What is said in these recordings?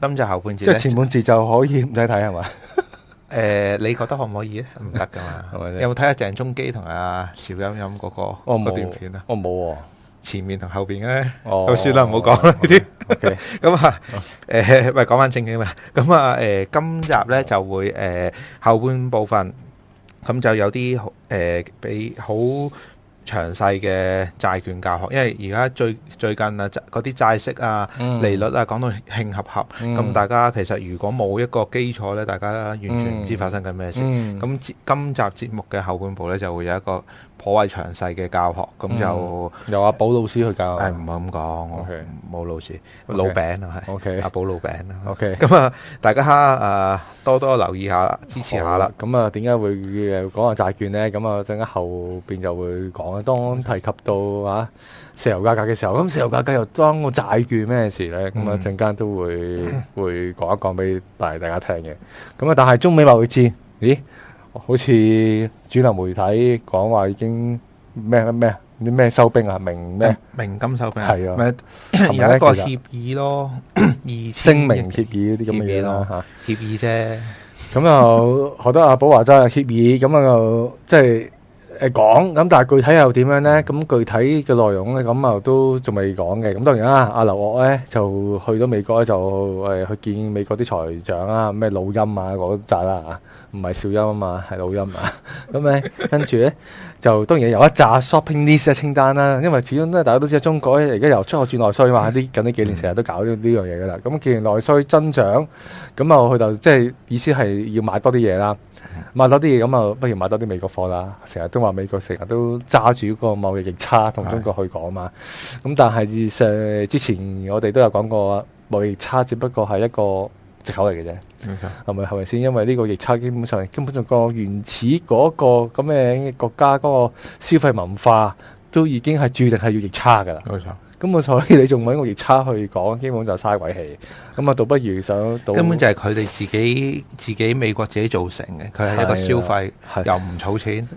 咁就後半截，即係前半截就可以唔使睇係嘛？誒，你覺得可唔可以咧？唔得噶嘛？有冇睇下鄭中基同阿邵音音嗰個嗰段片啊？我冇，前面同後邊咧，哦，算啦，唔好講啦呢啲。咁啊，誒，唔係講翻正經嘛？咁啊，誒，今集咧就會誒後半部分，咁就有啲誒俾好。詳細嘅債券教學，因為而家最最近啊，嗰啲債息啊、嗯、利率啊，講到興合合，咁、嗯、大家其實如果冇一個基礎呢，大家完全唔知發生緊咩事。咁、嗯嗯、今集節目嘅後半部呢，就會有一個頗為詳細嘅教學，咁就、嗯、由阿寶老師去教。係唔係咁講？冇 Okay, 老師，okay, 老餅啊係。Okay, 阿寶老餅。咁啊，大家吓誒多多留意下，支持下啦。咁啊、嗯，點解會誒講下債券咧？咁啊，陣間後邊就會講。當提及到啊石油價格嘅時候，咁石油價格又當個債券咩事咧？咁啊，陣間都會、嗯、會講一講俾大大家聽嘅。咁啊，但係中美貿易戰。咦？好似主流媒體講話已經咩咩啲咩收兵啊，明咩明金收兵係啊，有一個協議咯，意實 聲明協議嗰啲咁嘅嘢咯吓，協議啫，咁又學得阿寶華真係協議，咁啊又即係。誒，講咁，但係具體又點樣咧？咁具體嘅內容咧，咁啊都仲未講嘅。咁當然啦，阿劉鶴咧就去到美國咧，就誒去見美國啲財長啊，咩老陰啊嗰扎啦吓，唔係少陰啊嘛，係老陰啊。咁咧跟住咧就當然係有一紮 shopping list 清單啦。因為始終咧，大家都知啊，中國咧而家由出口轉內需嘛，啲近呢幾年成日都搞呢呢樣嘢噶啦。咁既然內需增長，咁啊佢就即係意思係要買多啲嘢啦。買多啲嘢，咁啊，不如買多啲美國貨啦。成日都話美國成日都揸住呢個貿易逆差同中國去講嘛。咁是的 但係，事實上，之前我哋都有講過，貿易差只不過係一個借口嚟嘅啫，係咪係咪先？因為呢個逆差基本上根本上個原始嗰個咁嘅國家嗰個消費文化都已經係注定係要逆差噶啦。Okay. 咁啊，所以你仲揾個逆差去講，基本就嘥鬼氣。咁啊，倒不如想根本就係佢哋自己自己美國自己造成嘅。佢係一個消費，又唔儲錢。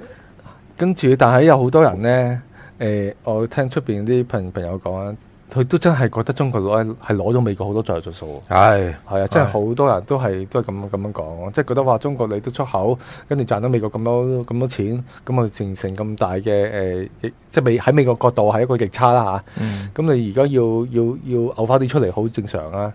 跟住，但係有好多人呢，誒，我聽出邊啲朋朋友講啊。佢都真係覺得中國攞係攞咗美國好多在著數，係係啊！真係好多人都係都係咁咁樣講，即係覺得話中國你都出口，跟住賺到美國咁多咁多錢，咁啊形成咁大嘅誒，即係美喺美國角度係一個逆差啦嚇。咁你而家要要要嘔翻啲出嚟，好正常啦。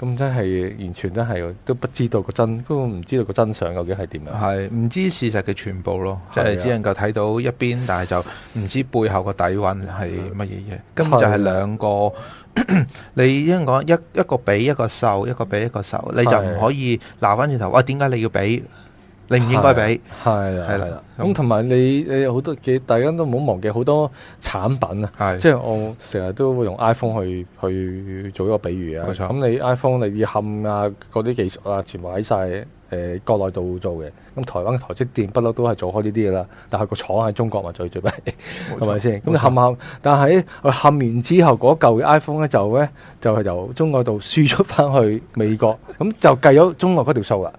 咁真係完全都係都不知道個真，都唔知道個真相究竟係點樣。係唔知事實嘅全部咯，即係只能夠睇到一邊，但係就唔知背後個底藴係乜嘢嘢。根本就係兩個。個咳咳你應該講一一個俾一個受，一個俾一個受的，你就唔可以鬧翻轉頭。喂的，點解你要俾？你唔應該俾。係啦的，係啦的。咁同埋你，你好多嘅，大家都唔好忘記好多產品啊。係的，即係我成日都會用 iPhone 去去做一個比喻啊。冇錯的。咁你 iPhone，你要嵌啊嗰啲技術啊，全部喺晒。誒國內度做嘅，咁台灣嘅台積電不嬲都係做開呢啲嘢啦，但係個廠喺中國咪最最尾，係咪先？咁你冚冚，錯陷陷但係佢冚完之後嗰嚿 iPhone 咧就咧就係由中國度輸出翻去美國，咁 就計咗中國嗰條數啦。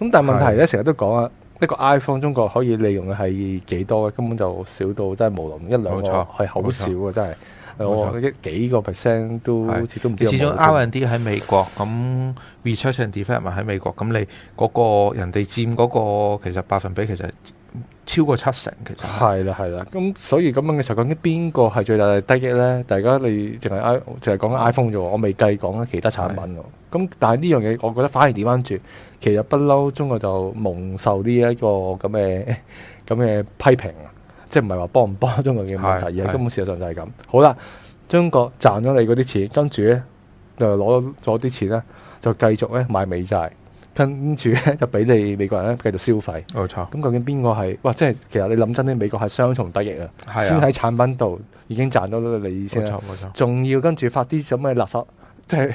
咁但係問題咧成日都講啊，一個 iPhone 中國可以利用嘅係幾多？根本就少到真係無論一兩個，係好錯少嘅錯真係的。我一、哦、幾個 percent 都好似都唔知。始終 R&D 喺美國，咁 research and development 喺美國，咁你嗰、嗰個人哋佔嗰個其實百分比其實超過七成，其實係啦係啦。咁所以咁樣嘅時候，究竟邊個係最大得益咧？大家你淨係 i 淨係講緊 iPhone 啫，我未計講緊其他產品咁的但係呢樣嘢，我覺得反而點翻轉，其實不嬲中國就蒙受呢一個咁嘅咁嘅批評。即係唔係話幫唔幫中國嘅問題，而係根本事實上就係咁。好啦，中國賺咗你嗰啲錢，跟住咧就攞咗啲錢咧，就繼續咧買美債，跟住咧就俾你美國人咧繼續消費。冇錯。咁究竟邊個係？哇！即係其實你諗真啲，美國係雙重得益啊。係啊。先喺產品度已經賺到你利先啦。冇錯。冇錯。仲要跟住發啲咁嘅垃圾，即係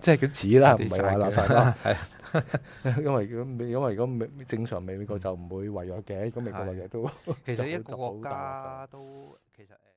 即係啲紙啦，唔係話垃圾啦。係啊。 因為如果因為如果美正常美國、嗯、美國就唔會違約嘅，咁美國違約都其實 很一個國家都其實誒。呃